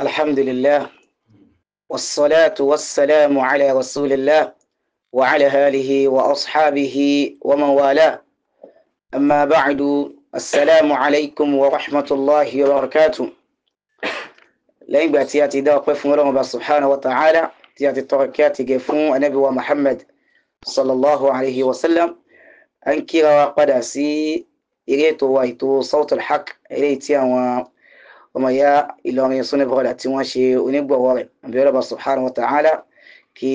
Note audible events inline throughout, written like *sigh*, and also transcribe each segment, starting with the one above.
الحمد لله والصلاة والسلام على رسول الله وعلى آله وأصحابه ومن والاه أما بعد السلام عليكم ورحمة الله وبركاته لين باتياتي دا وقف الله سبحانه وتعالى تياتي تركاتي جفون النبي ومحمد صلى الله عليه وسلم أنكر وقدسي إليتو وايتو صوت الحق إليتي ọmọ ya Ìlọrin sunni brother tí wọ́n ṣe onígbọ̀wọ́ rẹ̀ abiola ba subhanahu wa ta'ala kí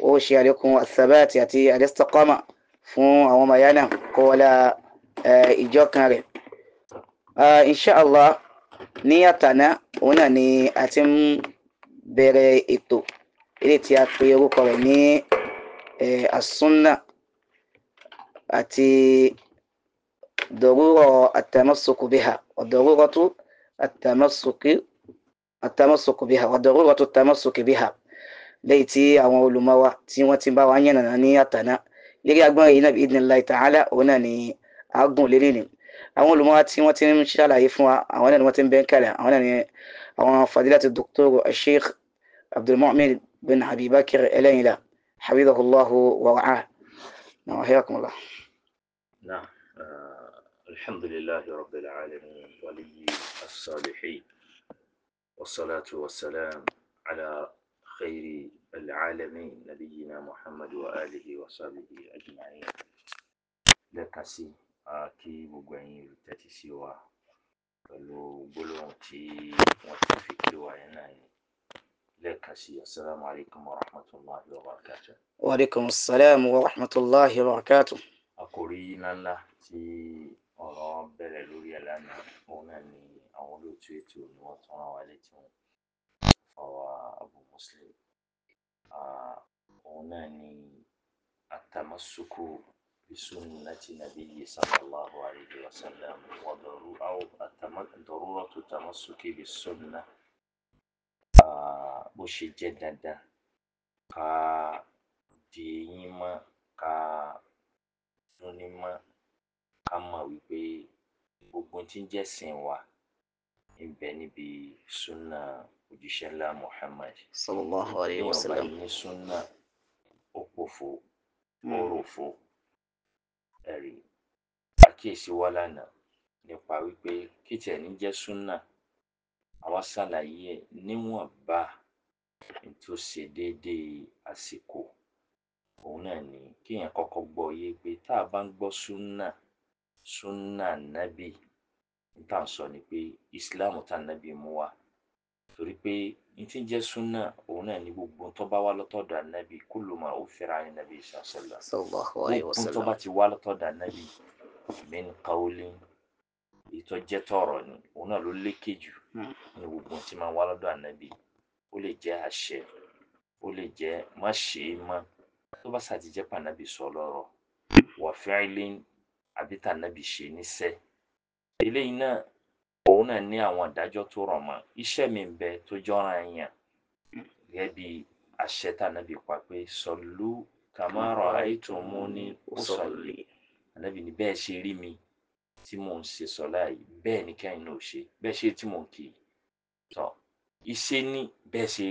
ó ṣe àlékún athabati àti alistiqama fún àwọn ọmọ ya náà kó wọlá ìjọ kan rẹ̀ inshallah ní àtàná òun náà ni a ti ń bẹ̀rẹ̀ ètò ilé tí a pe orúkọ rẹ̀ ní asúnà àti dọ̀rúrọ̀ àtàmọ́sọkùbíhà ọ̀dọ̀rúrọ̀ tó التمسك التمسك بها وضرورة التمسك بها léyìí tí àwọn olùmọ̀ wa tí wọ́n ti bá wa yànnàná ní àtàná lérí agbọ́n yìí náà bí idhnillahi ta'ala òun náà ni agùn lérí ni àwọn olùmọ̀ wa tí wọ́n ti ń ṣàlàyé fún wa àwọn náà ni wọ́n ti ń bẹ́ ń kalẹ̀ àwọn náà ni àwọn fadilati dr sheikh abdulmu'min bin abibakir ẹlẹ́yìnlá hafidhahullahu wa ra'ah náà hayyakumullah. náà alhamdulillahi rabbil alamin waliyi. الصالحين والصلاة والسلام على خير العالمين نبينا محمد وآله وصحبه أجمعين لكاسي أكي مغني تتسيوا فلو بلونتي وتفكي ويناني لكاسي السلام عليكم ورحمة الله وبركاته وعليكم السلام ورحمة الله وبركاته أقولين الله تي أغبر لوري لنا أمني àwọn olóòtú ètò ni wọ́n tún rán wa létí wọn fọwọ́ Abu Muslim òun náà ni atamasuku bisunnati nabiyyi sallallahu alayhi wa sallam wa daruratu tamasuki bisunna bó ṣe jẹ́ dandan ká di eyín mọ́ ká dúnní mọ́ ká mọ̀ wípé gbogbo tí ń jẹ́sìn wa ń bẹ níbi súnà òjíṣẹ́ ńlá Muhammad. sallallahu alayhi wa sallam ní ọba ní súnà ó pòfo ó hmm. ròfo ẹ̀rí àkíyèsí wa lánàá nípa wípé kí tiẹ̀ ní jẹ́ súnà àwa ṣàlàyé ẹ̀ níwọ̀nba tó ṣe déédéé àsìkò òun náà ni kéèyàn kọ́kọ́ gbọ́ yé pé tá a bá ń gbọ́ súnà súnà nábì n tà ń sọ ni pé islam tá nàbí mú wa torí pé n ti jẹ́ súnà òun náà ni gbogbo tó bá wá lọ́tọ̀dọ̀ ànábì kullu ma uthira an nàbí sàṣẹlá gbogbo tó bá ti wá lọ́tọ̀dọ̀ ànábì min qawlin ìtọ́jẹ́ tọ̀rọ̀ ni òun náà ló lékè jù ní gbogbo tí máa wá lọ́dọ̀ ànábì ó lè jẹ́ àṣẹ ó lè jẹ́ má ṣe é mọ́ tó bá sàtijẹ́ pànábì sọ lọ́rọ̀ wa fi'lin àbí tànábì ṣe níṣẹ́ eléyìí náà òun náà ní àwọn ìdájọ́ tó rọ̀ mọ́ iṣẹ́ mi ń bẹ tó jọra yẹn gẹ́gẹ́ bí àṣẹ tànàbí pa pé sọ̀lú kàmárọ̀ àìtùmú ní ọ̀sọ̀lì bẹ́ẹ̀ ṣe mi tí mò ń ṣe sọ̀lá yìí bẹ́ẹ̀ ni kẹ́yìn náà ṣe bẹ́ẹ̀ ṣe tí mò ń kì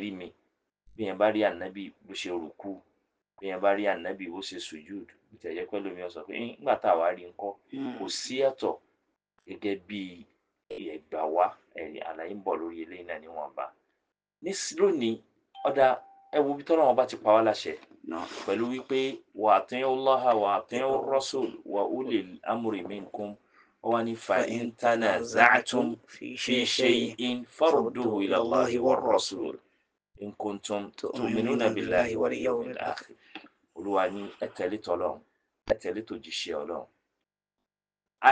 í mi bí yẹn bá rí ànábì anabi ṣe rùkú bí yẹn bá rí ànábì ṣe mi pé tá a wá rí nǹkan gẹ́gẹ́ bí ẹ̀gbà wa àlàyé ń bọ̀ lórí eléyìí náà níwọ̀nba ní lónìí ọ̀dà ẹ wo ibi tọ́lọ́ wọn bá ti pa wá láṣẹ pẹ̀lú wípé wà á tẹ́ ọlọ́hà wà á tẹ́ rọ́sùl wà ó lè amúrè mí nǹkan wọ́n ní fa intana zaatun fi ṣe in farduhu ila Allahi wa rasul in kuntum tu'minuna billahi wal yawmil akhir olúwa ní ẹ tẹ̀lé tọlọ́run ẹ tẹ̀lé tòjíṣẹ́ Ọlọ́run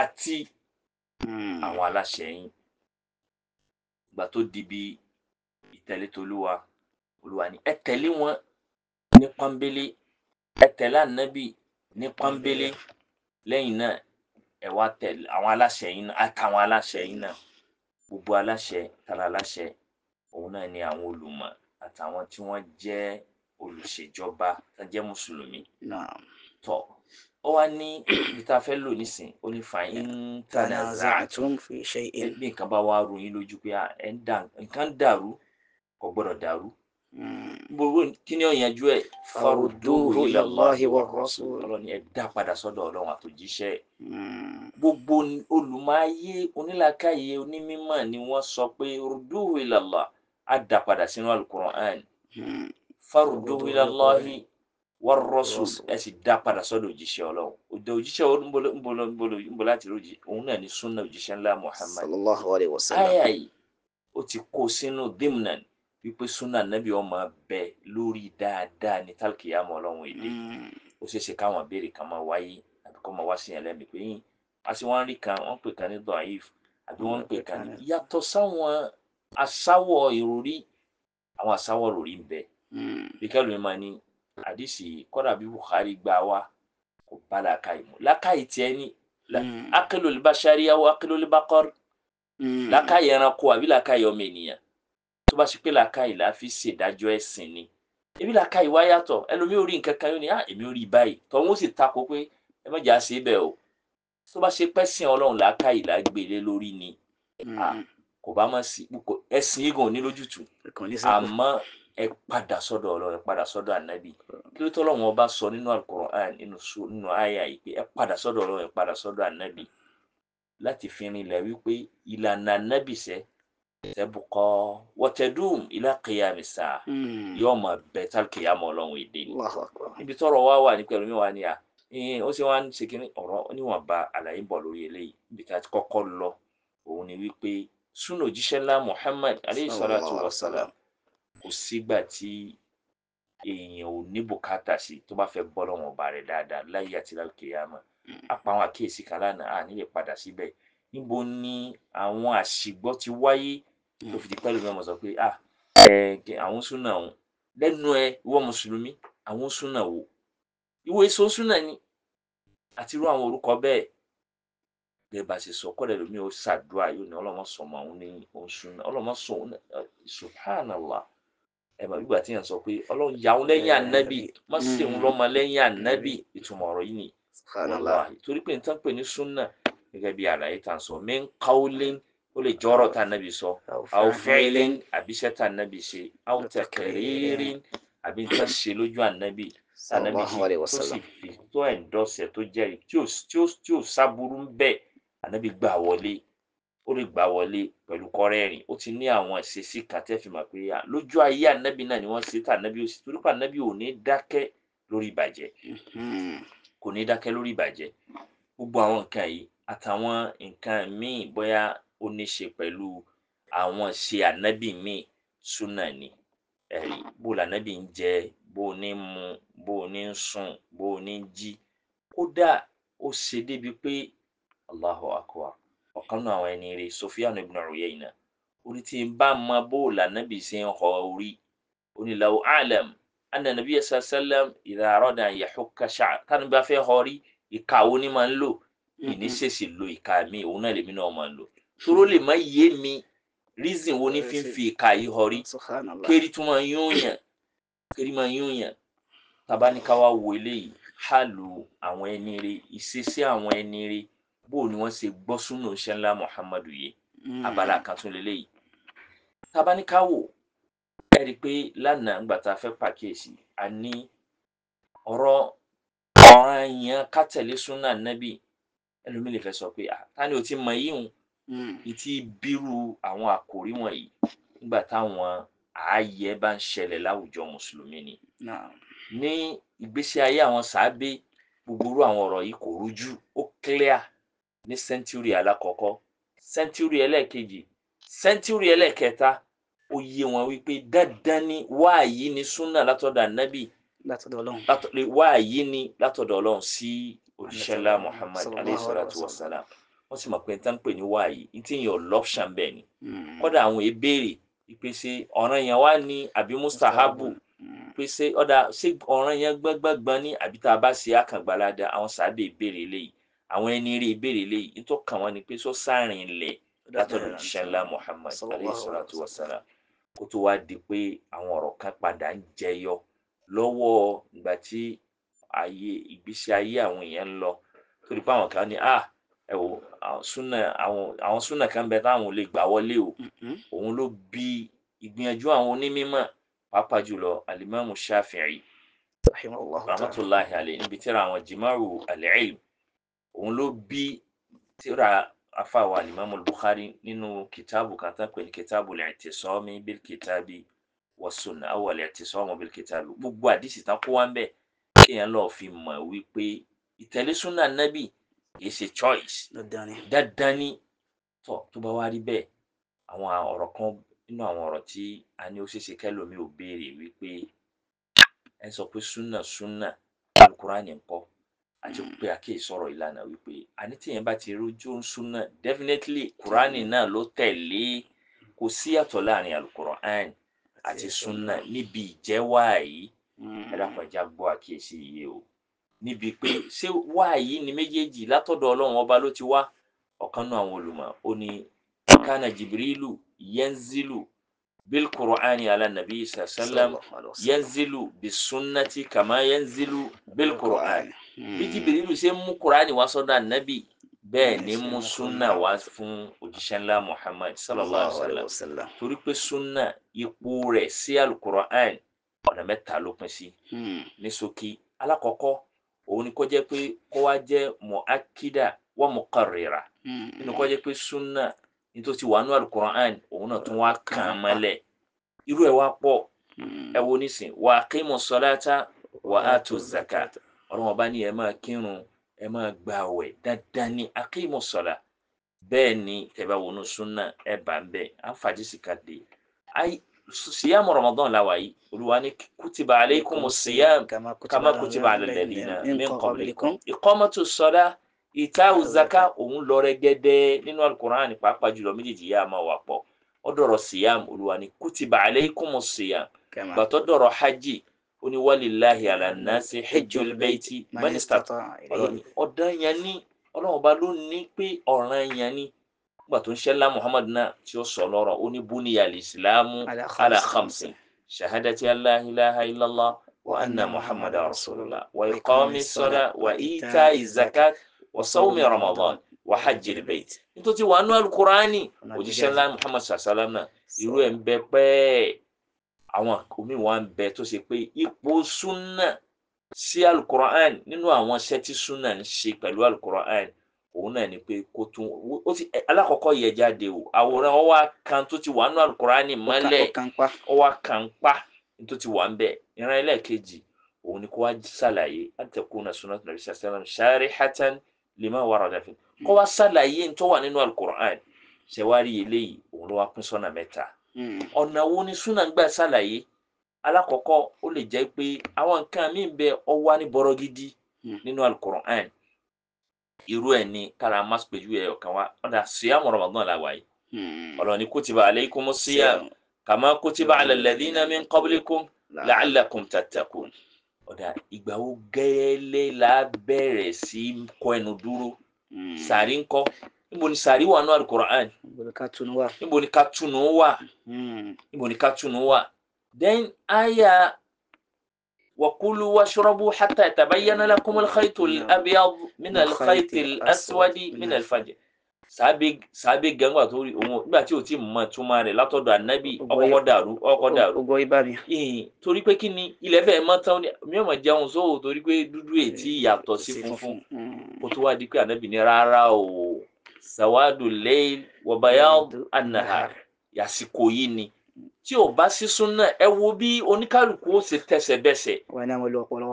àti Hmm. àwọn aláṣẹ yín ìgbà tó di bi ìtẹ̀lé tolúwa olúwa ni ẹ tẹ̀lé wọn ní pọ́nbélé ẹ tẹ̀lé ànábì ní pọ́nbélé lẹ́yìn náà ẹ wá tẹ̀lé àwọn aláṣẹ yín náà àtàwọn aláṣẹ yín náà gbogbo aláṣẹ tala aláṣẹ òun náà ni àwọn olùmọ̀ àtàwọn tí wọ́n jẹ́ olùṣèjọba tó jẹ́ mùsùlùmí tọ̀. Nah ó wá ní *clears throat* ibi tá a fẹ́ lò nísìn ó ní fa intanazaatum fi shay'in bí nǹkan bá wá ru yín lójú pé nǹkan dàrú kò gbọ́dọ̀ dàrú hmm. gbogbo kí ni ó yanjú ẹ̀ farudduhu ila Allahi wa rasul ọlọ́run ni ẹ dá padà sọ́dọ̀ ọlọ́run àtòjíṣẹ́ hmm. gbogbo olùmọ̀ayé onílàkàyè onímọ̀ ni wọ́n sọ pé rudduhu ila Allah á dá padà sínú al-Qur'an hmm. farudduhu ila Allahi wọ́n rọ́ṣù ẹ sì dá padà sọ́dọ̀ òjíṣẹ́ ọlọ́run òdò òjíṣẹ́ ńbọ láti rí òun náà ní súnà òjíṣẹ́ ńlá Muhammad sallallahu alayhi wa sallam ayé ayé ó ti kó sínú dimnan wípé súnà nàbí ọmọ bẹ lórí dáadáa ní tálkìyàmọ ọlọ́run ilé hmm. ó ṣeéṣe káwọn béèrè kan máa wáyé àbí kó máa wá sí ẹlẹ́mi pé yín àti wọ́n rí kan wọ́n pè kan ní dọ̀ayif àbí wọ́n pè kan ní hmm. yàtọ̀ sáwọn asáwọ̀ ìròrí àwọn asáwọ̀ ìròrí ń bẹ hmm. bí kẹ́lùmí máa ní àdìsí kọ́dà bí Bukhari gbà wá kò bá làákàyè mu làákàyè tiẹ̀ ni akilul hmm. bashari aw akilul baqar hmm. làákàyè ẹranko àbí làákàyè ọmọ ènìyàn tó bá ṣe pé làákàyè la fi ṣèdájọ́ ẹ̀sìn ni ebi làákàyè wá yàtọ̀ ẹlòmíì orí nǹkan kan yóò ní ah, èmi ò rí i báyìí tọ́wọ́n ó sì takò pé ẹ má jà sí ibẹ̀ o tó bá ṣe pẹ́sìn ọlọ́run làákàyè lágbèlé lórí ni hmm. ah, kò bá mọ̀ sí ẹ̀sìn igun ò ní lójútùú àmọ́ ẹ padà sọ́dọ̀ Ọlọ́run ẹ padà sọ́dọ̀ ànábì kí ló tọ́lọ́run ọba sọ nínú alukoran nínú su nínú àyà yìí pé ẹ padà sọ́dọ̀ Ọlọ́run ẹ padà sọ́dọ̀ ànábì láti fi rinlẹ̀ wípé ìlànà ànábì sẹ́ tẹ́bùkọ́ wọ́tẹ́dùm ilá kìyàmì sá hmm. yóò mọ̀ bẹ́ẹ̀ tá kìyàmù Ọlọ́run èdè ni níbi tọ́rọ̀ wá wà ní pẹ̀lú mi wà ní à ó ṣe wá ń ṣe kí ọ̀rọ̀ níwọ̀nba àlàyé ń lórí eléyìí níbi tá a ti kọ́kọ́ lọ òun ni wípé súnà òjíṣẹ́ ńlá Muhammad aleyhi salatu wa salam kò sígbà tí èèyàn ò ní bùkátà sí tó bá fẹ́ gbọ́ lọ́wọ́n ọba rẹ̀ dáadáa láyé àti lálùkìyámà mm. apá àwọn àkíyèsí kan lánàá àní lè padà síbẹ̀ níbo ni àwọn àṣìgbọ́ ti wáyé mm. tó fi di pẹ́lú mi ọmọ sọ pé ah àwọn súnà òun lẹ́nu ẹ ìwọ mùsùlùmí àwọn súnà wo ìwọ èso súnà ni àti irú àwọn orúkọ bẹ́ẹ̀ bẹ́ẹ̀ bá ṣe sọ kọ́lẹ̀ lómi ó ṣàdúrà yóò ní ọlọ́mọ sọmọ òun ní òun súnà ọlọ́mọ sọ òun eh, subhanallah ẹ mà gbígbà tí yàn sọ pé ọlọ́run yà ó lẹ́yìn ànábì má sì ń mm. lọ́mọ lẹ́yìn ànábì mm. ìtumọ̀ ọ̀rọ̀ yìí ni torí pé nǹkan pè ní súnà gẹ́gẹ́ bí àlàyé tá à ń sọ min qawlin ó lè jẹ́ ọ̀rọ̀ tá ànábì sọ aw fi'lin àbíṣẹ́ tá ànábì ṣe aw taqririn àbí nǹkan ṣe lójú ànábì ànábì ṣe tó sì fi tó ẹ̀ńdọ́sẹ̀ tó jẹ́rìí tí ò sábúrú ń bẹ́ẹ̀ ànábì gbà wọlé ó lè gbà wọlé pẹ̀lú kọ́rẹ́rìn ó ti ní àwọn ìṣesí kan tẹ́fì mọ̀ pé à lójú ayé ànábì náà ni wọ́n ṣe tá ànábì ó sì torí pé ànábì ò ní dákẹ́ lórí ìbàjẹ́ mm-hmm. kò ní dákẹ́ lórí ìbàjẹ́ gbogbo àwọn nǹkan yìí àtàwọn nǹkan míì bóyá ó ní ṣe pẹ̀lú àwọn ṣe ànábì míì súnà ni ẹ̀rí bó lànábì ń jẹ bó ní mu bó ní sùn bó ní jí kódà ó ṣe débi pé Allahu akbar ọ̀kan nínú àwọn ẹni rẹ̀ Sufyan ibn Uyayna ó ní tí n bá mọ bóòlù ànábì ṣe ń họ orí ó ní law a'lam anna nabiyya sallallahu alaihi wasallam idha arada an yahukka sha'r tani bá fẹ́ họ orí ìka wo ni máa ń lò mm-hmm. ìní ṣèṣì lo ìka mi òun náà lèmi náà máa ń lò ṣòro lè má yé mi reason wo ni eh, fi fi ìka yìí họ kéri tún máa kéri máa yún yàn tabaníkáwá wo hàlù àwọn ẹni rẹ̀ ìṣesí àwọn ẹni rẹ̀ bó ni wọ́n ṣe gbọ́ súnà iṣẹ́ muhammadu yìí hmm. abala kan tún lélẹ́yìí tabaníkáwò ẹ rí i pé lánàá ńgbà tá a fẹ́ pàkíyèsí a ní ọ̀rọ̀ ọ̀ràn yẹn ká tẹ̀lé súnà nẹ́bì ẹlòmíì lè fẹ́ sọ pé ta ni o ti mọ yíyùn ìtì hmm. bírú àwọn àkòrí wọ̀nyí nígbà táwọn ààyè bá ń ṣẹlẹ̀ láwùjọ mùsùlùmí ni ní ìgbésí ayé àwọn sàábé gbogbo irú àwọn ọ̀rọ̀ yìí kò rújú ó clear ní sẹ́ńtúrì alákọ̀ọ́kọ́ sẹ́ńtúrì ẹlẹ́ẹ̀kejì sẹ́ńtúrì ẹlẹ́ẹ̀kẹta ó yé wọn wípé dandan ni wáàyí ni súnà látọ̀dọ̀ ànábì wáàyí ni látọ̀dọ̀ ọlọ́run sí òṣìṣẹ́lá Muhammad alayhi salatu wa salam wọ́n sì mọ̀ pé tán pè ní wáàyí ní tí yàn lọ́pṣàn bẹ́ẹ̀ ni hmm. kọ́dà àwọn ìbéèrè ìpèsè ọ̀ràn yẹn wá ní àbí mustahabu hmm. pèsè ọ̀dà ṣé ọ̀ràn yẹn gbẹ́gbẹ́gbọ́n ní àbí tá a bá ṣe àkàngbàládà àwọn sàábẹ̀ ìbéèrè eléyìí àwọn ẹni rí ìbéèrè léyìí nítorí kàn wọ́n ni pé sọ sáàrin ilẹ̀ látọ̀dọ̀ jíṣẹ́ ńlá Muhammad alayhi salatu wa salam kó tó wá di pé àwọn ọ̀rọ̀ kan padà ń jẹyọ lọ́wọ́ ìgbà tí ayé ìgbésí ayé àwọn èèyàn ń lọ torí pé àwọn kan ní ah ẹ wo súnà àwọn súnà kan bẹ táwọn ò lè gbà wọlé o mm-hmm. òun ló bí ìgbìyànjú àwọn onímọ̀ pàápàá jùlọ alimami Shafi'i rahmatulahi alayhi níbi tíra àwọn jimaru al òun ló bí tíra afáwa alimami Bukhari nínú kìtàbù kan tá pè ní kìtàbù al-i'tisami bil-kitabi was-sunnah aw al-i'tisamu bil-kitabi gbogbo àdìsí tá kó wá ń bẹ kéèyàn lọ fi mọ̀ wípé ìtẹ̀lé súnà nábì kìí ṣe choice dandan ni tó tó bá wá rí bẹ́ẹ̀ àwọn ọ̀rọ̀ kan nínú àwọn ọ̀rọ̀ tí a ní ó ṣeéṣe kẹ́lòmíì ò béèrè wípé ẹ sọ pé súnà súnà alukurani ńkọ́ a ti pé àkíyèsí ọ̀rọ̀ ìlànà wípé àní tíyẹn bá ti rójú ń súnà definitely kúránì náà ló tẹ̀lé kò sí yàtọ̀ láàrin alukur'an àti súnà níbi ìjẹ́wọ́ àyí ẹ̀dàpọ̀já mm-hmm. gbọ́ àkíyèsí yìí o níbi pé ṣé wáàyí ni méjèèjì látọ̀dọ̀ ọlọ́run ọba ló ti wá ọ̀kan náà àwọn olùmọ̀ ó ní kánà jibrilu yenzilu bil qur'ani ala nabi sallam yẹnzilu bisunnati kama yenzilu bil qur'ani bí jìbìrìlù hmm. ṣe mú kúránì wá sọ́dọ̀ ànábì bẹ́ẹ̀ ni mú súnà wá fún òjíṣẹ́ ńlá muhammad sallallahu alayhi wa sallam torí pé súnà ipò rẹ̀ sí alukur'an ọ̀nà mẹ́ta ló pín sí hmm. ní ṣókí alákọ̀ọ́kọ́ òun ni kó jẹ́ pé kó wá jẹ́ mu'akida wa muqarrira hmm. nínú kó jẹ́ pé súnà nítorí wà alukur'an òun náà tún wá kàn án mọ́lẹ̀ irú ẹ̀ wá pọ̀ ẹ wo nísìn wa aqimu salata wa atu zakata ọlọ́run ọba ní ẹ máa kírun ẹ máa gba àwẹ̀ dáadáa ní akéèmọ̀ sọ̀la bẹ́ẹ̀ ni ẹ bá wọnú súnà ẹ bá ń bẹ̀ àǹfààní sì ká dé síyàmù ramadan la wàyí olúwa ní kùtìbà aleikum síyàm kàmá kùtìbà alẹ́lẹ́lẹ́nà min qablikum ìkọ́mọ́tò sọ́dá ìtaù zaka òun lọ rẹ́gẹ́dẹ́ nínú alukur'an pàápàá jùlọ méjèèjì yá máa wà pọ̀ ó dọ̀rọ̀ síyàm ní kùtìbà aleikum síyàm gbàtọ́ hajj ó ní walillahi ala nasi hijjul bayti man istata'a ọ̀dàn yẹn ní ọlọ́run ọba ló ní pé ọ̀ràn yẹn ní nígbà tó ń ṣẹlá muhammad náà tí ó sọ lọ́rọ̀ ó ní buniya al-islamu ala khamsin shahadati alla ilaha illallah wa anna muhammadan rasulullah wa iqami salat wa ita'i zakat wa sawmi ramadan wa hajjil bayt nítorí wàá nú alukurani òjíṣẹ́ ńlá muhammad sallallahu náà irú ẹ̀ ń bẹ pẹ́ẹ́ àwọn omi wa ń bẹ tó ṣe pé ipò súnà sí alukur'an nínú àwọn iṣẹ́ tí súnà ń ṣe pẹ̀lú alukur'an òun náà ni pé kó tún ó ti alákọ̀ọ́kọ́ yẹ jáde o àwòrán ọ wá kan tó ti wà nínú alukur'an mọ́lẹ̀ ọ kan pa tó ti wà ń bẹ ìran ẹlẹ́ẹ̀kejì òun ni kó wá ṣàlàyé àtẹkùnà sunnat nàbí sàlám sharihatan lima warada fi kó wá ṣàlàyé tó wà nínú alukur'an ṣẹwárí eléyìí òun ló wá pín sọ́nà mẹ́ta. Hmm. ọ̀nà wo ni súnà ń gbà ṣàlàyé alákọ̀ọ́kọ́ ó lè jẹ́ pé àwọn nǹkan míì bẹ ọwọ́ ní bọ́rọ̀ gidi hmm. nínú alukoran irú ẹ̀ ni kára má pèjú ẹ̀ ọ̀kan wa ọ̀dà síyàmù Ramadan la wáyé ọ̀rọ̀ ni kutiba aleikum síyàm kàmá kutiba ala alladhina min qablikum la'allakum tattaqun ọ̀dà ìgbà wo gẹ́lẹ́ la bẹ̀rẹ̀ sí kọ ẹnu dúró hmm. sàrí ńkọ́ níbo ni sàrí wà ní alukur'an níbo ni katunu wà níbo ni katunu hmm. wà then aya wakulu washrabu hatta tabayyana lakum alkhaytu alabyad min alkhayti alaswadi min alfajr sábẹ sábẹ gangba tó rí òun nígbà tí o ti mọ túmọ̀ rẹ̀ látọ̀dọ̀ ànábì ọkọ dàrú ọkọ dàrú ọgbọ ibà mi. torí pé kí ni ilẹ̀ bẹ́ẹ̀ mọ́ ni mi ò mọ̀ jẹun sóò torí pé dúdú ètí yàtọ̀ sí funfun hmm. kó tó wá di pé ànábì ní rárá o sawadu leil wabayadu anahar yasiko yìí ni tí o bá sí súnà ẹ wo bí oníkálukú ó ṣe tẹsẹ̀ bẹsẹ̀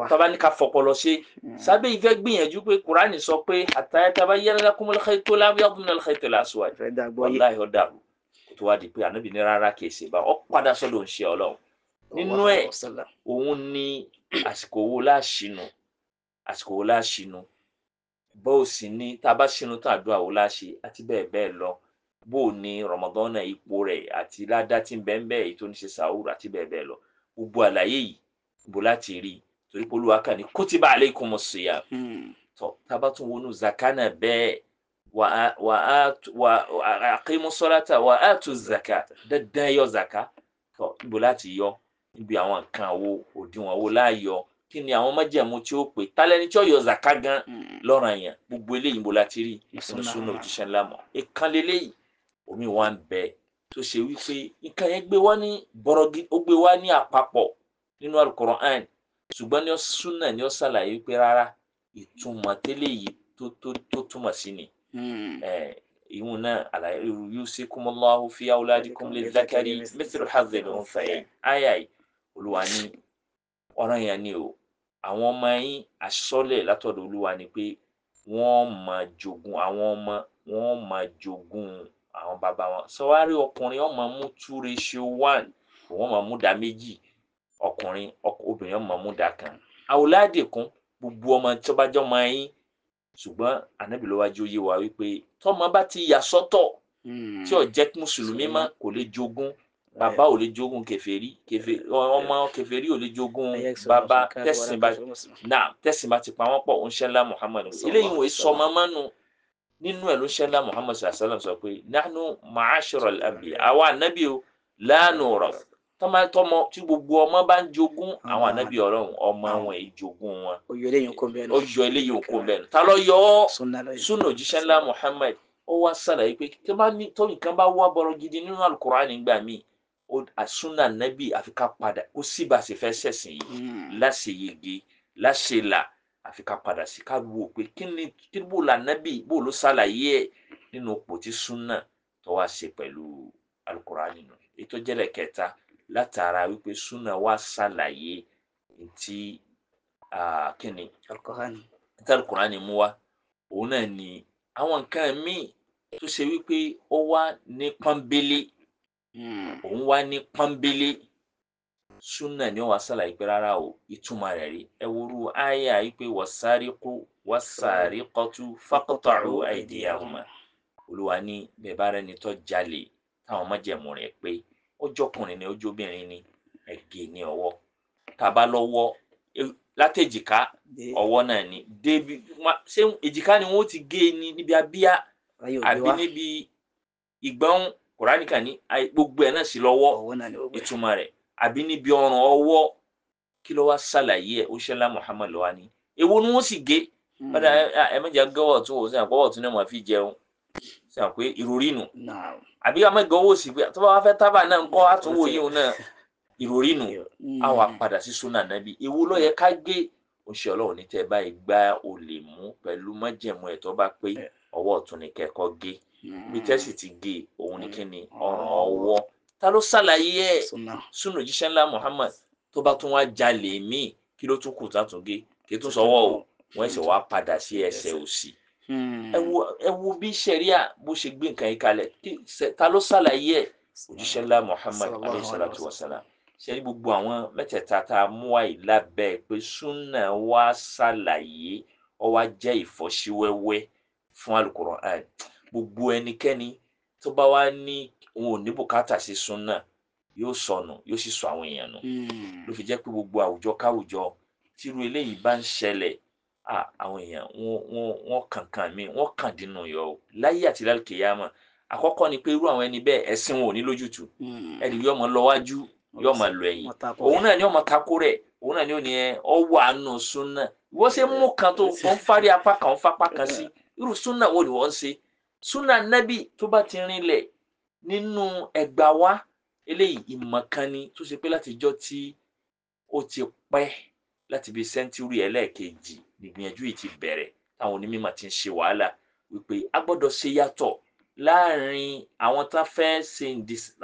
tọba ní ká fọpọlọ ṣe mm. sábẹ ìfẹ gbìyànjú pé kurani sọ pé àtàyàtàbá yẹlẹlá kúmọlẹkẹ tó lábíyá kúmọlẹkẹ tó lásùwà wàláhì ọdà kò tó wá di pé ànábì ní rárá kì í ṣe bá ọ padà sọ́dọ̀ ń ṣe Ọlọ́run nínú ẹ òun ni àsìkò wo láṣìnú àsìkò wo láṣìnú bó o sì ní tá a bá ṣinú tán àdúrà wo láṣẹ àti bẹ́ẹ̀ bẹ́ẹ̀ lọ bó o ní rọmọgánná ipò rẹ̀ àti ládá tí ń bẹ́ẹ̀ bẹ́ẹ̀ èyí tó ní ṣe sàúrù àti bẹ́ẹ̀ bẹ́ẹ̀ lọ gbogbo àlàyé yìí bó láti rí torí pé olúwa kàn ní kutiba alaikumus siyam hmm. tọ tá a bá tún wọnú zakana bẹ́ẹ̀ wà á aqimu salata wà á tu zakat dandan yọ zaka tọ ibo láti yọ níbi àwọn nǹkan wo òdiwọ̀n wo láàyò kí ni àwọn májẹ̀mú tí ó pè tálẹ́ni tí ó yọ zaka gan hmm. lọ́ràn yẹn gbogbo eléyìí mo la ti rí ìsinusúnà òjíṣẹ́ ńlá mọ̀ ìkànlélẹ́yìí omi wa ń bẹ tó ṣe wípé nǹkan yẹn gbé wá ní bọ́rọ̀gì ó gbé wá ní àpapọ̀ nínú alukoran ṣùgbọ́n ní súnà ni ó ṣàlàyé wípé rárá ìtumọ̀ tẹ́lẹ̀ yìí tó túmọ̀ sí ni hmm. ìhun náà àlàyé yusikumullahu fi awladikum lidhakari mithlu hadhil unthayayn àyà yìí olùwà ní ọ̀ràn yẹn ni o àwọn ọmọ yín àsọlẹ̀ látọ̀dọ̀ olúwa ni pé wọ́n máa jogún àwọn ọmọ wọ́n máa jogún àwọn bàbá wọn sọwárí ọkùnrin wọ́n máa mú two ratio one wọ́n máa mú da méjì ọkùnrin obìnrin wọ́n máa mú da kan àwòládìkún gbogbo ọmọ tó bá jẹ́ ọmọ yín ṣùgbọ́n ànábì ló wa wípé tọ́mọ bá ti yà sọ́tọ̀ hmm. tí ò jẹ́ mùsùlùmí mọ́ kò lè jogún bàbá ò lè jogún kèfèrí ọmọ kèfèrí ò lè jogún bàbá tẹ̀sìn bá náà tẹ̀sìn bá ti pa wọ́n pọ̀ ńṣẹ́lá muhammadu eléyìí wòye sọmọ mánu nínú ẹ̀ ló ńṣẹ́lá muhammadu sàlám sọ pé nánú màáṣọrọ àbí àwa ànábì o láàánú rọ tọmọ tí gbogbo ọmọ bá ń jogún àwọn ànábì Ọlọ́run ọmọ wọn èyí jogún wọn ó yọ eléyìí òkú bẹ́ẹ̀ ta ló yọ súnà òjíṣẹ́ ńlá muhammad ó wá sàlàyé pé tó nǹkan bá wá bọrọ gidi nínú alukur'an nígbà míì àsúnà nábì àfi ká padà kó síbàṣẹ fẹ́ sẹ̀sìn yìí hmm. láṣẹ yege la là àfi ká padà sí ká Kini pé kí ni kí bó la nábì bó ló ṣàlàyé ẹ̀ suna pò tí súnà tó wá ṣe pẹ̀lú alukurani nù ètò jẹ́lẹ̀ kẹta látara wípé súnà wá ṣàlàyé ti kí ni alukurani mú wa òun náà ni àwọn nǹkan míì tó ṣe wípé ó wá ní pọ́nbélé òun wá ní pọ́nbélé súnà ni wọ́n wá sàlàyé pé rárá o ìtumọ̀ rẹ̀ rí ẹ wúru àyà yìí pé wasariqu wasariqatu faqta'u aydiyahuma olùwà ní bẹ́ẹ̀ bá rẹni tó jalè táwọn májẹ̀mú rẹ̀ pé ọjọ́kùnrin ni ọjọ́bìnrin ni ẹ̀gẹ́ ní ọwọ́ tàbá lọ́wọ́ látẹ̀jìká ọwọ́ náà ni débi ṣé èjìká ni wọ́n ti gé e níbi abíyá àbí níbi ìgbọ́n kùránì ní gbogbo ẹ̀ náà sí lọ́wọ́ ìtumọ̀ rẹ̀ àbí níbi ọrùn ọwọ kí ló wá ṣàlàyé o ni èwo ni wọ́n sì gé hmm. padà ah, ẹ̀mẹ́jà gọ́wọ́ tún wò sí àpọ̀wọ̀ tún fi jẹun ìròrí àbí sì pé tó bá tábà náà ń àtúnwò yìí náà ìròrí wà hmm. padà sí súnà nàbí ló yẹ ká gé ní báyìí gbá olè mú tó bí tẹ́sì ti gé e, òun ni mm. kí ni ọ̀ràn oh. ọwọ́ ta ló ṣàlàyé ẹ̀ sunu jíṣẹ́ ńlá Muhammad tó bá tún wá jalè míì kí ló tún kù tátún gé kí tún sọwọ́ o wọ́n ṣe wá padà sí ẹsẹ̀ òsì hmm. ẹ wo bí sẹ́ríà bó ṣe gbé nǹkan yìí kalẹ̀ ta ló ṣàlàyé ẹ̀ òjíṣẹ́ ńlá Muhammad alayhi salatu wa salam ṣẹ́rí gbogbo àwọn mẹ́tẹ̀ẹ̀ta tá a mú àyè lábẹ́ pé súnà wá ṣàlàyé ó wá jẹ́ fún Al-Qur'an gbogbo ẹnikẹ́ni tó bá wá ní òun ò ní bùkátà sí súnà yóò sọnù yóò sì sọ àwọn èèyàn nù hmm. ló fi jẹ́ pé gbogbo àwùjọ káwùjọ tírú eléyìí bá ń ṣẹlẹ̀ àwọn èèyàn wọ́n kankan mi wọ́n kàn dínú yọ o láyé àti lálùkìyàmọ̀ àkọ́kọ́ ni pé irú àwọn ẹni bẹ́ẹ̀ ẹ̀sìn wọn ò ní lójútùú hmm. ẹni yóò mọ lọ́wájú yóò mọ lọ ẹ̀yìn òun náà ni ó mọ takó rẹ̀ òun náà ni ó ní ẹ ọ wà nù súnà ìwọ́n ṣe mú kan tó ń fárí apá kan ń kan sí irú súnà wo ni wọ́n ń ṣe Suna nabi tó bá ti rinlẹ̀ nínú ẹ̀gbà wa eléyìí ìmọ̀ kan ni tó ṣe pé látijọ́ tí ó ti pẹ́ láti bíi sẹ́ńtúrì ẹlẹ́ẹ̀kejì nìgbìyànjú yìí ti bẹ̀rẹ̀ táwọn onímọ̀ ti ń ṣe wàhálà wípé a gbọ́dọ̀ ṣe yàtọ̀ láàrin àwọn tó fẹ́ ṣe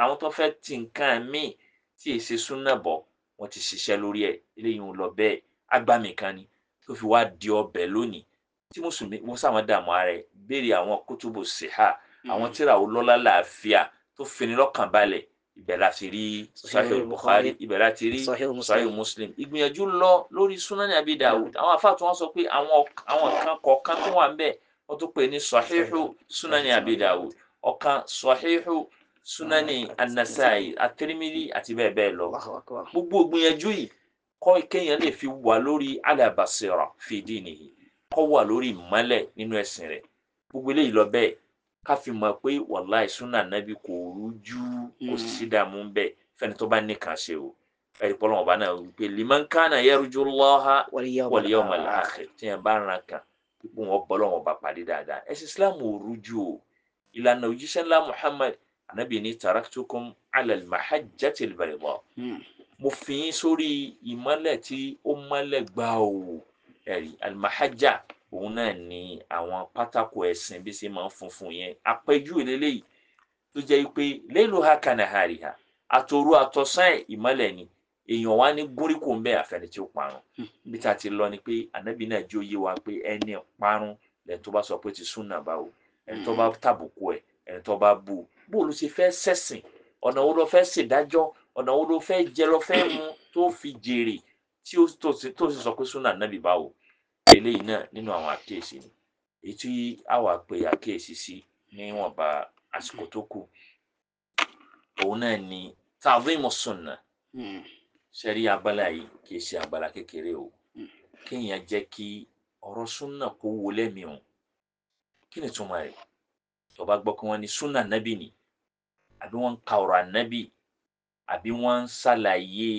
àwọn tó fẹ́ ti nǹkan míì tí èsì súnà bọ̀ wọ́n ti ṣiṣẹ́ lórí ẹ̀ eléyìí ń lọ bẹ́ẹ̀ agbami kan ni tó fi wá di ọbẹ̀ lónìí tí mùsùlùmí wọ́n sàmọ́ dààmú ara ẹ̀ béèrè àwọn kútùbù síhà àwọn mm. tíra olólá làáfíà tó fini lọ́kàn balẹ̀ ibẹ̀ láti rí sahih bukhari ibẹ̀ láti rí sahih muslim ìgbìyànjú lọ lórí sunani abi dawud àwọn afáàtún wọn sọ pé àwọn kan kọ̀ọ̀kan tó wà ń bẹ̀ wọ́n tó pè ní sahihu sunani abi dawud ọ̀kan sahihu sunani anasai ah, atirimidi àti bẹ́ẹ̀ bẹ́ẹ̀ lọ gbogbo ìgbìyànjú yìí kọ́ kéèyàn lè fi wà lórí ala basira fi dinihi kọ́ wà lórí ìmọ́lẹ̀ nínú ẹ̀sìn rẹ̀ gbogbo eléyìí lọ bẹ́ẹ̀ ká fi mọ̀ pé wàláì súnà nàbí kò rújú kò sì hmm. sí dààmú bẹ́ẹ̀ fẹ́ni tó bá nìkan ṣe o ẹ̀rí pọ́lọ́ wọn bá náà wí pé liman kana yarju Allaha wal yawmal akhir tí yẹn bá ran kan pípọ̀ wọn bọ́ lọ́wọ́ bá pàdé dáadáa ẹ̀sìn Islam ò rújú o ìlànà òjíṣẹ́ ńlá Muhammad anabi ni taraktukum ala al-mahajjati al hmm. mo fi yín sórí ìmọ́lẹ̀ tí ó mọ́lẹ̀ gbáà o ẹ̀rí alimahajja òun náà ni àwọn pátákó ẹ̀sìn bí ṣe máa ń funfun yẹn àpẹjù eléyìí tó jẹ́ pé lélo ha kànà ha rí ha àtòru àtọ̀sán ìmọ́lẹ̀ ni èèyàn wá ní gúríkù ń bẹ àfẹni tí ó parun bí tá a ti lọ ni pé ànábì náà jẹ́ òye wa pé ẹni parun lẹ́yìn tó bá sọ pé ti súnà bá o ẹni tó bá tàbùkù ẹ̀ ẹni tó bá bù ú ṣe fẹ́ sẹ̀sìn ọ̀nà wo ló fẹ́ ṣèdájọ́ ọ̀nà wo ló fẹ́ jẹ ló fẹ́ mu tó fi jèrè tí ó sì sọ pé súnà ànábì bá o eléyìí náà nínú àwọn àkíyèsí ni èyí tí a wà pe àkíyèsí sí níwọ̀nba àsìkò tó kù òun náà ni ta'zimu sunnah sẹ́rí hmm. abala yìí kì í ṣe abala kékeré o hmm. kéèyàn jẹ́ kí ọ̀rọ̀ súnà kó wo lẹ́mìí o kí ni túmọ̀ rẹ̀ tó bá gbọ́ pé wọ́n ní súnà nábì ni àbí wọ́n ń ka ọ̀rọ̀ ànábì àbí wọ́n ń ṣàlàyé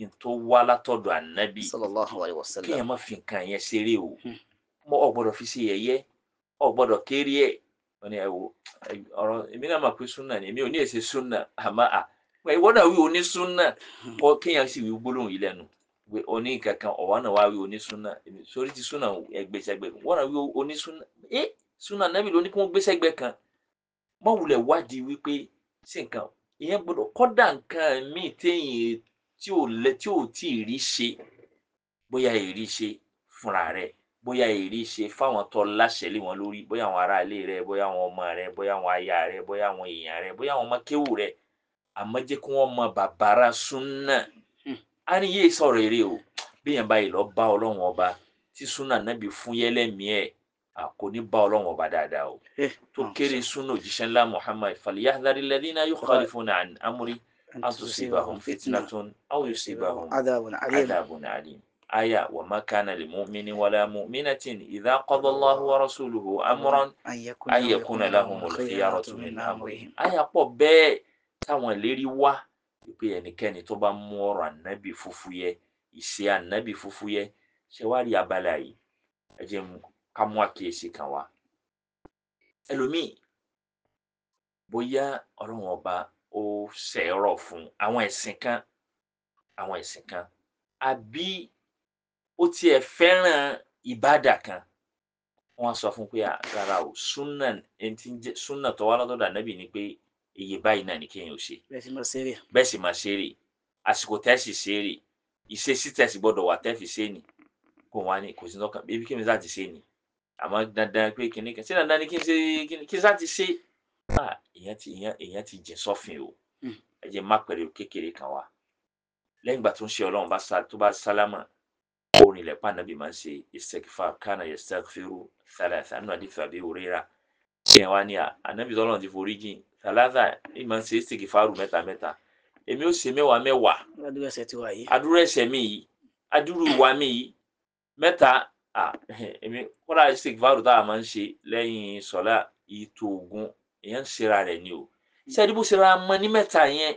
n tó wá látọ̀dọ̀ ànábì sallallahu alaihi wasallam má fi nǹkan yẹn ṣeré o hmm. mo ò gbọ́dọ̀ fi ṣe yẹ̀yẹ́ ò gbọ́dọ̀ kéré ẹ̀ wọ́n ní ẹ̀wò ọ̀rọ̀ èmi náà máa pé súnà ni èmi ò ní èsè súnà àmọ́ à pé ìwọ náà wí oní súnà hmm. kọ́ kéèyàn sì wí gbólóhùn yìí lẹ́nu pé oní kankan ọ̀wá náà wá wí oní súnà sórí ti súnà ẹgbẹ́sẹ̀gbẹ́ wọ́n náà wí oní súnà ẹ́ súnà náà ló ní kí wọ́n gbẹ́sẹ̀gbẹ́ kan mọ́wulẹ̀ wádìí wípé sí nǹkan ìyẹn gbọ́dọ̀ kọ́dà nǹkan míì tí ò lẹ tí ò tí ì rí ṣe bóyá èrí ṣe fúnra rẹ bóyá èrí ṣe fáwọn tó láṣẹ lé wọn lórí bóyá àwọn aráalé rẹ bóyá àwọn ọmọ rẹ bóyá àwọn aya rẹ bóyá àwọn èèyàn rẹ bóyá àwọn ọmọ kéwù rẹ àmọ́ jẹ́ kí wọ́n mọ bàbára súnà á hmm. ní yéé sọ̀rọ̀ eré o bíyàn báyìí lọ bá ọlọ́run ọba tí súnà nábì fún yẹlẹ́mìí ẹ̀ kò ní bá ọlọ́run ọba dáadáa o eh, tó ah, kéré súnà òjíṣẹ́ ńlá Muhammad falyahdharil ladhina yukhalifuna an amri. أن تصيبهم فتنة أو يصيبهم عذاب عليم عذاب عليم آية وما كان لمؤمن ولا مؤمنة إذا قضى الله ورسوله أمرا أن يكون لهم الخيارة من أمرهم آية pọ̀ bẹ́ẹ̀ táwọn ìlérí wá pé ẹnikẹ́ni tó bá mú ọ̀rọ̀ ànábì fúfúyẹ́ ìṣe ànábì fúfúyẹ́ ṣe wá rí abala yìí ẹ jẹ́ ká mú àkíyèsí kan wá. ẹlòmíì bóyá ọlọ́run ọba ó ṣèrọ̀ fún àwọn ẹ̀sìn kan àwọn ẹ̀sìn kan àbí ó tiẹ̀ fẹ́ràn ìbádà kan wọ́n sọ fún pé rárá o súnà ẹni tí súnà tó wá látọ̀dọ̀ ànábì ni pé iye báyìí náà ni kéèyàn ò ṣe. bẹ́ẹ̀ sì máa ṣe rè. bẹ́ẹ̀ sì máa ṣe rè àsìkò tẹ́sì ṣe rè ìṣesí tẹ́sì gbọ́dọ̀ wà tẹ́fì ṣe ni kò wá ní kò sí lọ́kàn bébí kí mi sá ti ṣe ni àmọ́ dandan pé kìnìkan sí dandan ni kí n sá ti ṣe a ah, èèyàn ti èèyàn èèyàn ti jìn sọ́fìn o hmm. ẹ jẹ́ má pẹ̀lú kékeré kan wá lẹ́yìn ìgbà tó ń ṣe ọlọ́run bá sá tó bá sálámà orin ilẹ̀ pàǹdàbí máa ń ṣe ìsẹ̀kífà kánà yastaghfiru thalatha nínú àdìsí àbí òrera ìyẹn wá ní à ànábì tọ́lọ́run ti forí jìn thalatha ní máa ń ṣe ìsẹ̀kífàrù mẹ́ta mẹ́ta èmi ó ṣe mẹ́wàá mẹ́wàá adúrú ẹ̀ṣẹ̀ mi yìí adúrú ìwà mi yìí mẹ́ta *laughs* èmi kọ́lá ìsẹ̀kífàrù táwa máa ń ṣe lẹ́yìn sọ́lá ìtòògùn èèyàn ń ṣera rẹ̀ ni o sẹ́ẹ̀dí bó ṣera mọ ní mẹ́ta yẹn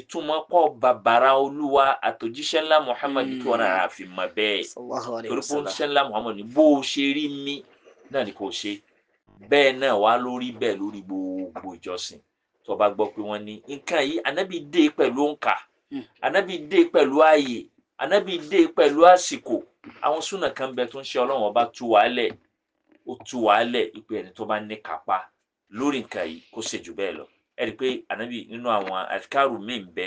ìtumọ̀ pọ̀ bàbàrà olúwa àtòjíṣẹ́ ńlá muhammad tó wọn rà fi mọ̀ bẹ́ẹ̀ torí pé òjíṣẹ́ muhammad mi náà ni kò ṣe bẹ́ẹ̀ náà wá lórí bẹ́ẹ̀ lórí gbogbo ìjọsìn tó bá gbọ́ pé wọ́n ní nǹkan yìí anábì dé pẹ̀lú òǹkà anábì hmm. dé pẹ̀lú ààyè anábì dé pẹ̀lú àsìkò àwọn súnà kan bẹ tó ń ṣe ọlọ́run ọba tú wàá lẹ̀ ó tú wàá lẹ̀ ìpè ẹni tó bá ní kápá lórí nǹkan yìí kó ṣe jù bẹ́ẹ̀ lọ ẹ rí i pé ànábì nínú àwọn àdìkárù míì ń bẹ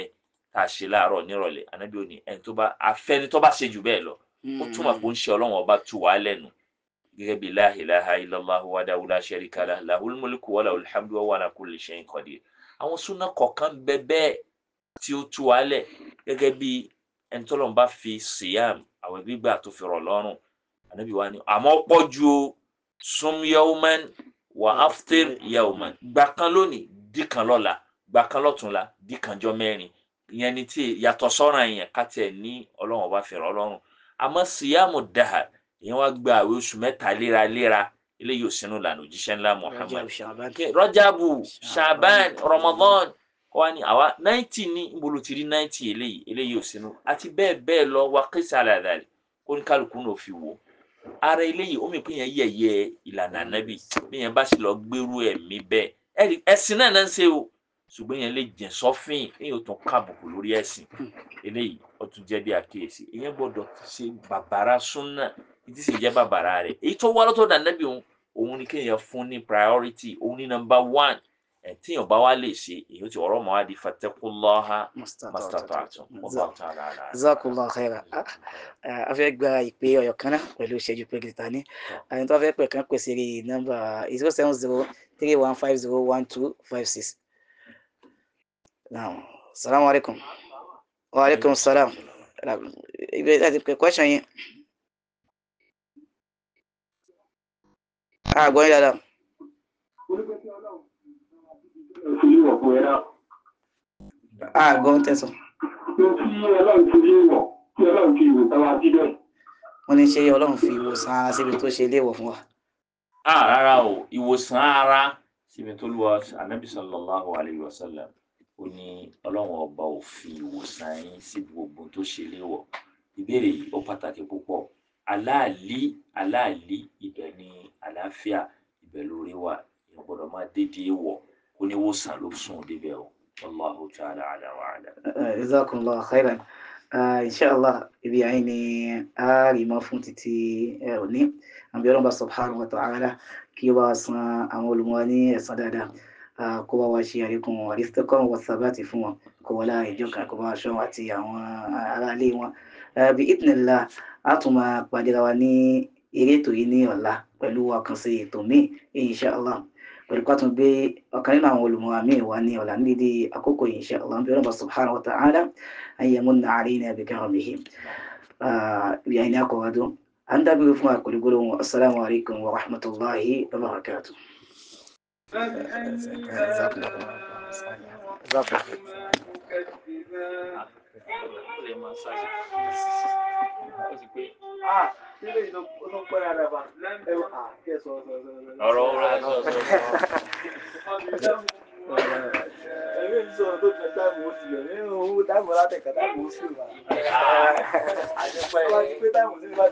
tá a ṣe láàárọ̀ nírọ̀lẹ́ ànábì ò ní ẹni tó bá afẹ́ni tó bá ṣe jù bẹ́ẹ̀ lọ ó hmm. túmọ̀ pé ó ń ṣe ọlọ́run ọba tú wàá lẹ́nu gẹ́gẹ́ bíi la ilaha illallah wahdahu la sharika lah lahul mulku wa wa huwa ala kulli shay'in qadir àwọn súnà kọ̀ọ̀kan bẹ bẹ́ẹ̀ tí siyam àwọn gbígbà tó fi rọ̀ lọ́rùn wà hmm. after yawman gbà kan lónìí dì kan lọ́la gbà kan lọ́túnla dì kan jọ́ mẹ́rin ìyẹn ni tí yàtọ̀ sọ́ra yẹn ká tiẹ̀ ní ọlọ́run ọba fẹ̀rẹ̀ ọlọ́run àmọ́ síyàmù dahar ìyẹn wá gba àwẹ̀ oṣù mẹ́ta léraléra eléyìí ò sínú ìlànà òjíṣẹ́ ńlá Muhammad rọ́jàbù shaban ramadan wa ni àwa náìtì ní ìbolo ti rí náìtì eléyìí eléyìí ò sínú àti bẹ́ẹ̀ bẹ́ẹ̀ lọ wà kí sàlàdàlẹ̀ oníkálukú náà fi wò ara eléyìí ó mì pé yẹn yẹ̀yẹ́ ìlànà mm. ànábì bí yẹn bá sì lọ gbérú ẹ̀mí bẹ́ẹ̀ ẹ̀sìn náà náà ń ṣe o ṣùgbọ́n yẹn lè jìn sọ́fìn èyí ò tún kábùkù lórí ẹ̀sìn eléyìí ó tún jẹ́ bí àkíyèsí ìyẹn gbọ́dọ̀ ṣe bàbàrà súnà ìdí sì jẹ́ bàbàrà rẹ̀ èyí tó wá lọ́tọ̀ dànàbì òun òun ni kéèyàn fún ní priority òun ni number one ẹtí ọba wa lè ṣe èyí tí ọ̀rọ̀ mọ adi fatakullaha mastata'tum wallahu ta'ala a'lam. jazakallahu khairan a fẹ́ gba ìpè ọ̀yọ̀ kan náà pẹ̀lú ìṣẹ́jú pẹ̀lú tani àyìn tó fẹ́ pẹ̀ kan pè sí nọ́mbà zero seven zero three one five zero one two five six. naam salaam aleykum wa aleykum salaam ibi láti pè question yín. àgbọ̀nyí dáadáa. fúlé wọ̀ fún ẹ̀rá. àgọ́ tẹ̀sán. ní tí ọlọ́run ti lé wọ̀ tí ọlọ́run fi ìwòsàn wa síbẹ̀. wọ́n ní ṣé ọlọ́run fi ìwòsàn ara síbi tó ṣe léèwọ̀ fún wa. a rárá o ìwòsàn ara síbi tó lu anabi sallallahu alayhi wa sallam ó ní ọlọ́run ọba ò fi ìwòsàn yín síbi gbogbo tó ṣe léèwọ̀ ìbéèrè yìí ó pàtàkì púpọ̀ aláàlí aláàlí ibẹ̀ ni àlàáfíà ibẹ̀ lórí wà ìyẹn gbọ́dọ̀ máa dédìé wọ̀ oníwòsàn ló sùn ó débẹ̀ o wallahu ta'ala ala wa ala. jazakumullahu khairan ah, inshallah ibi àyìn ni a rí mọ́ fún títí eh, òní àbí ọlọ́mọba subhanahu wa ta'ala kí ó bá san àwọn olùmọ̀ ní ẹ̀san dáadáa ah, kó bá wa ṣe àríkún àrísítíkọ́n wọ sábàtì fún wọn kó wọlá ìjọka kó bá aṣọ àti àwọn aráalé wọn eh, bí idnillah a tún máa pàdé ra wa ní eré ètò yìí ní ọ̀la pẹ̀lú àkànṣe ètò míì inshallah. ولكن بي وكاننا هو المؤمن ان ولا ندي اكوكو ان شاء الله بيرب سبحانه وتعالى اي ان علينا بكرمه ا بيانا كوادو ان بيفوا كل غلو السلام عليكم ان الله وبركاته زاب زاب زاب lè máa ṣáájú ó sì pé. ọ̀rọ̀ ọ̀rọ̀ ẹ̀ sọ̀rọ̀ sọ̀rọ̀ ẹ̀mí ń sọ̀rọ̀ tó fẹ́ táìmù ó sì lọ nínú owó táìmù látẹ̀kẹ́ táìmù ó sì wà. àti pé táìmù sí ní bá